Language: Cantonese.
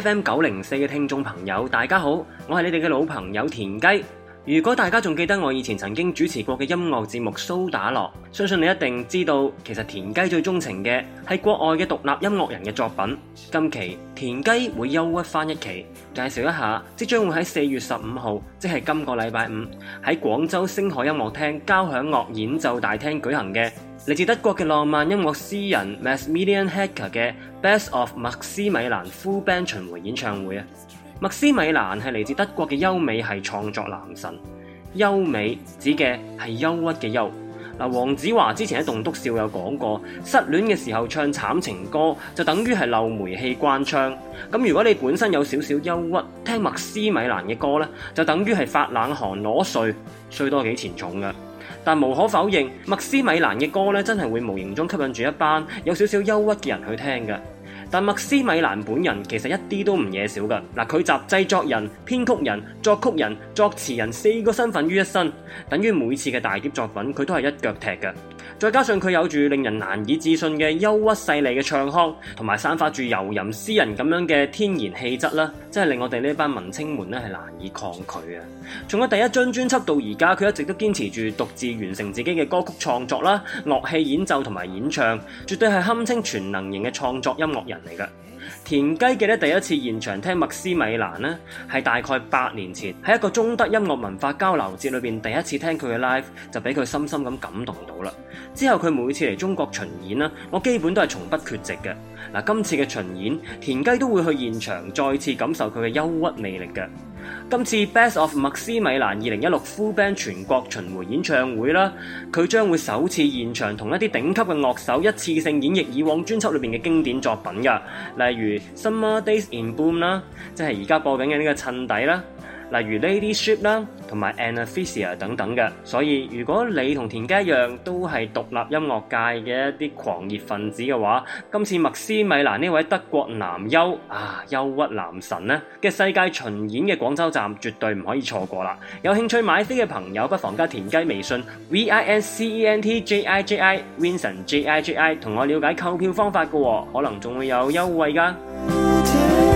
FM 九零四嘅聽眾朋友，大家好，我係你哋嘅老朋友田雞。如果大家仲記得我以前曾經主持過嘅音樂節目《蘇打樂》，相信你一定知道，其實田雞最鍾情嘅係國外嘅獨立音樂人嘅作品。今期田雞會憂鬱返一期，介紹一下即將會喺四月十五號，即係今個禮拜五，喺廣州星海音樂廳交響樂演奏大廳舉行嘅嚟自德國嘅浪漫音樂詩人 Maximilian Hacker 嘅《Best of Maximilian Full Band》巡迴演唱會啊！麥斯米蘭係嚟自德國嘅優美系創作男神，優美指嘅係憂鬱嘅憂。嗱，黃子華之前喺棟篤笑有講過，失戀嘅時候唱慘情歌就等於係漏煤氣關窗。咁如果你本身有少少憂鬱，聽麥斯米蘭嘅歌呢，就等於係發冷寒碎、攞睡，衰多幾錢重噶。但無可否認，麥斯米蘭嘅歌呢，真係會無形中吸引住一班有少少憂鬱嘅人去聽嘅。但麥斯米蘭本人其實一啲都唔野少噶，嗱，佢集製作人、編曲人、作曲人、作詞人，作詞人四個身份於一身，等於每次嘅大碟作品佢都係一腳踢噶。再加上佢有住令人難以置信嘅憂鬱細膩嘅唱腔，同埋散發住遊吟詩人咁樣嘅天然氣質啦，真係令我哋呢班文青們咧係難以抗拒啊！從佢第一張專輯到而家，佢一直都堅持住獨自完成自己嘅歌曲創作啦、樂器演奏同埋演唱，絕對係堪稱全能型嘅創作音樂人。嚟嘅，田雞記得第一次現場聽麥斯米蘭咧，係大概八年前，喺一個中德音樂文化交流節裏邊第一次聽佢嘅 live，就俾佢深深咁感動到啦。之後佢每次嚟中國巡演啦，我基本都係從不缺席嘅。嗱，今次嘅巡演，田雞都會去現場再次感受佢嘅憂鬱魅力嘅。今次 Best of 麥斯米蘭二零一六 Full Band 全國巡回演唱會啦，佢將會首次現場同一啲頂級嘅樂手一次性演繹以往專輯裏面嘅經典作品㗎，例如 Summer Days in Bloom 啦，即係而家播緊嘅呢個襯底啦。例如 Ladyship 啦，同埋 Anastasia 等等嘅，所以如果你同田雞一樣都係獨立音樂界嘅一啲狂熱分子嘅話，今次麥斯米蘭呢位德國男優啊憂鬱男神呢嘅世界巡演嘅廣州站絕對唔可以錯過啦！有興趣買飛嘅朋友不妨加田雞微信 v i n c e n t j i j i w i n s o n j i j i 同我了解購票方法嘅，哦，可能仲會有優惠㗎。